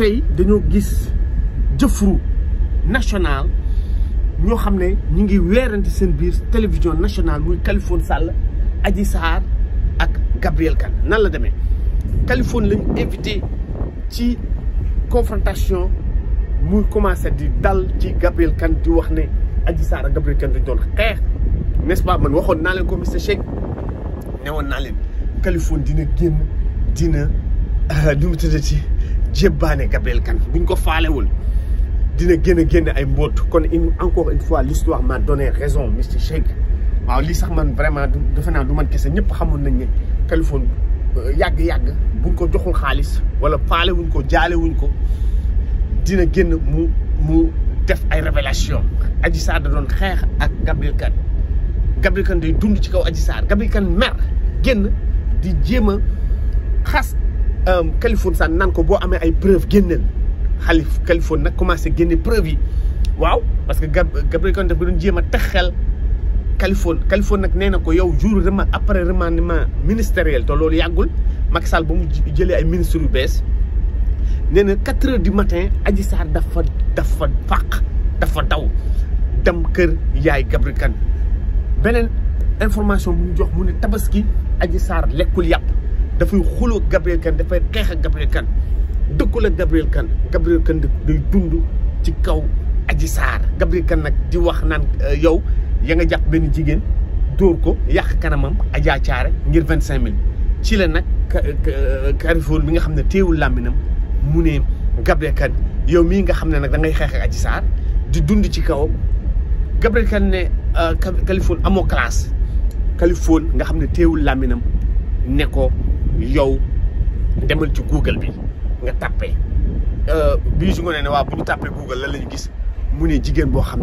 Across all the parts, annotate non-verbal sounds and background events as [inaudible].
tey dañoo gis jëfru national ñoo xam ne ñu ngi weerante seen biir télévision national muy Kaliphone Sall Adji Sarr ak Gabriel Kane nan la demee Kaliphone lañ invité ci confrontation muy commencé di dal ci Gabriel Kane di wax ne Adji Sarr ak Gabriel Kane dañ don. xeex n'est-ce pas man waxoon naa leen ko monsieur Cheikh ne woon naa leen Kaliphone dina génn dina li euh, mu tëddee ci jébbaane Gabriel Kane buñ ko faalewul dina gën a ay mbott kon une encore une fois l'histoire m'a donné raison Mister Cheikh waaw lii sax man vraiment defe naa du man kese ñëpp xamul nañ téléphone. Kaliphone euh, yag yag buñ ko joxul xaalis wala faalewuñ ko jaalewuñ ko dina génn mu mu def ay révélation Adji Sarr da doon xex ak Gabriel Kane Gabriel Kane day dund ci kaw Adji Sarr Gabriel Kane mer génn di jéem a kalifun euh, sa nan ko bo amé ay preuve gennel khalif Kaliphone nak commencé genné preuve yi waw parce que Gabriel Kane daf ko doon jéem a texel Kaliphone Kaliphone ko yow jour rema après remandement ministériel to lolou yagul Macky Sall ba mu jëlee ay ministre yu bees néna 4 quatre heures du matin Adji sar dafa dafa fàq dafa daw dem keur yaay Gabriel Kan, benen information bu ñu jox mu ne tabaski Adji sar lekul yapp dafay xuloo Gabriel Kane dafay xeex ak Gabriel Kane dëkkul ak Gabriel Kane Gabriel Kane day dund ci kaw aji Sarr Gabriel Kane nag ji wax naan euh, yow ya nga jàpp benn jigéen dóor ko yàq kanamam Adja ngir vingt cinq mille ci la nag Carrefour euh, bi nga xam ne téewul làmbinam mu ne Gabriel Kane yow mii nga xam ne nag da ngay xeex ak Adji Sarr di dund ci kaw Gabriel Kane ne Carrefour euh, amoo classe Carrefour nga xam ne téewul làmbinam ne ko yow demal ci google bi nga euh bi su ngone ne wa bu tapé google lan la ñu gis mu ne jigéen boo xam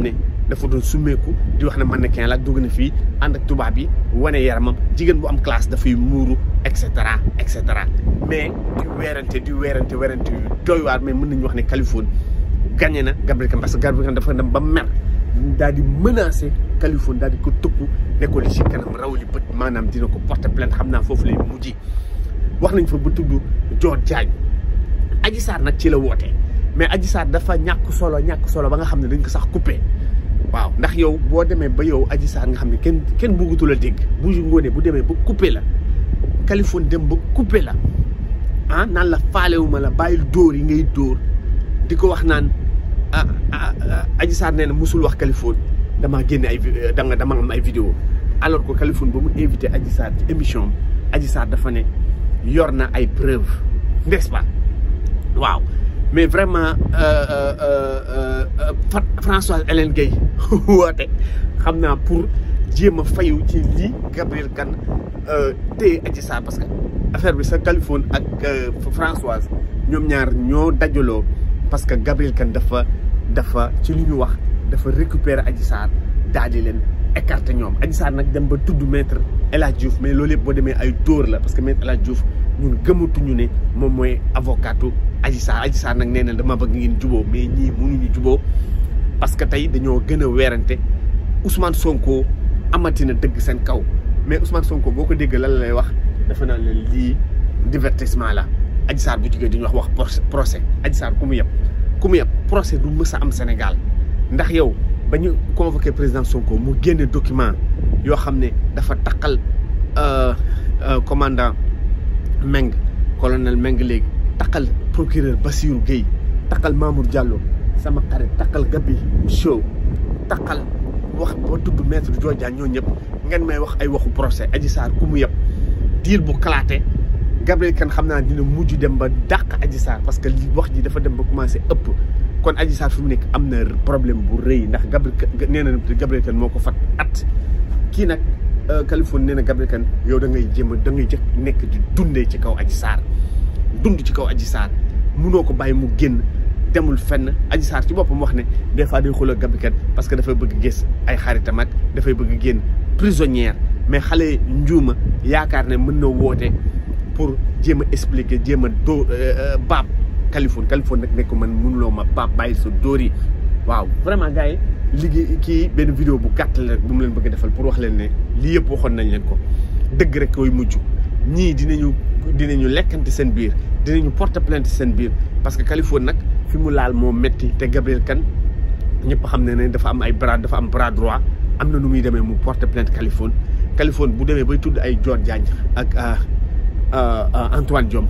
dafa doon suméku di wax né mannequin la ak na fi and ak tuba bi wane yaramam jigen bu am classe dafay muuru et cetera et cetera mais di wéranté di wéranté wéranté yu doy waar mais mën nañ wax né Californie gagné na Gabriel kam parce que Gabriel kam dafa dem ba mer daal di Californie daal di ko tukku né ko li ci kanam rawli li manam dina ko porter plainte xamna fofu lay mujjii wax nañu fa bu tudd Dior Diagne Adji Sarr nag ci la woote mais Adji Sarr dafa ñàkk solo ñàkk solo ba nga xam ne dañ ko sax coupé waaw ndax yow boo demee ba yow Adji Sarr nga xam ne kenn kenn bëggatu la dégg bu ngoonee bu demee ba coupé la Kaliphone dem ba coupé la ah naan la faalewuma la bàyyil dóor yi ngay dóor di ko wax naan ah, ah, ah Adji Sarr nee na musul wax Kaliphone damaa génne ay danga dama am ay vidéo alors ko Kaliphone ba mu invité Adji Sarr ci émission Adji Sarr dafa ne yorna na ay preuves n'est-ce pas mais vraiment euh, euh, euh, Françoise Hélène Gay. Je [laughs] xam pour jéem a ci Gabriel kan téye Adji Sarr parce que affaire bi sa ak Françoise ñoom ñaar ñoo parce que Gabriel kan dafa dafa ci dafa récupérer daal di leen écarte ñoom Adji Sarr nag dem ba tudd maître El Hadj Diouf mais loolu yëpp boo demee ay dóor la parce que maître El Hadj Diouf gëmatuñu ne moom mooy avocatu Adji Sarr Adji Sarr nag nee na dama bëgg ngeen juboo mais ñii mënuñu juboo parce que tey dañoo gën a weerante Ousmane Sonko amatina dëgg seen kaw mais Ousmane Sonko boo ko dégg lan lay wax dafa naan leen lii divertissement la Adji Sarr bu jugee dañu wax wax procès Adji Sarr ku mu yëpp ku mu yëpp procès du mës am Sénégal ndax yow ba ñu convoqué président Sonko mu génne document yoo xam ne dafa taqal euh, euh, commandant Meng colonel Meng léegi taqal procureur Bassirou Gueye taqal Mamour jàlloo sama xarit taqal Gabi Sow taqal wax ba tudd maître Diodia ñoo ñëpp ngeen may wax ay waxu procès aji Sarr ku mu yëpp diir bu kalaate Gabriel Kane xam naa dina mujj dem ba dàq Adji Sarr parce que wax ji dafa dem ba commencé ëpp kon Adji Sarr fi mu nekk am na problème bu rëy ndax Gabri nee na Gabrielle Kane moo ko fat at kii nag euh, Californie nee na Gabrielle yow da ngay jéem a da ngay jëkk nekk di dundee ci kaw Adji Sarr dund ci kaw Adji Sarr munoo ko bàyyi mu génn demul fenn Adji Sarr ci boppam wax ne des fois day xooloo Gabrielle parce que dafay bëgg gis ay xaritam ak dafay bëgg génn prisonnière mais xale njuuma yaakaar ne mën na woote pour jéem a expliquer jéem a doo euh, euh, baab Californie Californie nag nekk man mënuloo ma pap bàyyi sa dóor yi waaw vraiment gars yi liggéey kii benn vidéo bu gàtt la rek bu mu leen bëgg defal pour wax leen ne lii yëpp waxoon nañ leen ko dëgg rek koy mujj ñii dina dinañu dinañu lekkanti seen biir dinañu porte plainte seen biir parce que Californie nag fi mu laal moo metti te Gabriel kan ñëpp xam ne ne dafa am ay bras am bras droit am na nu muy demee mu porte plainte Californie Californie bu demee bay tudd ay Dior Diagne ak euh, euh, euh, Antoine Diome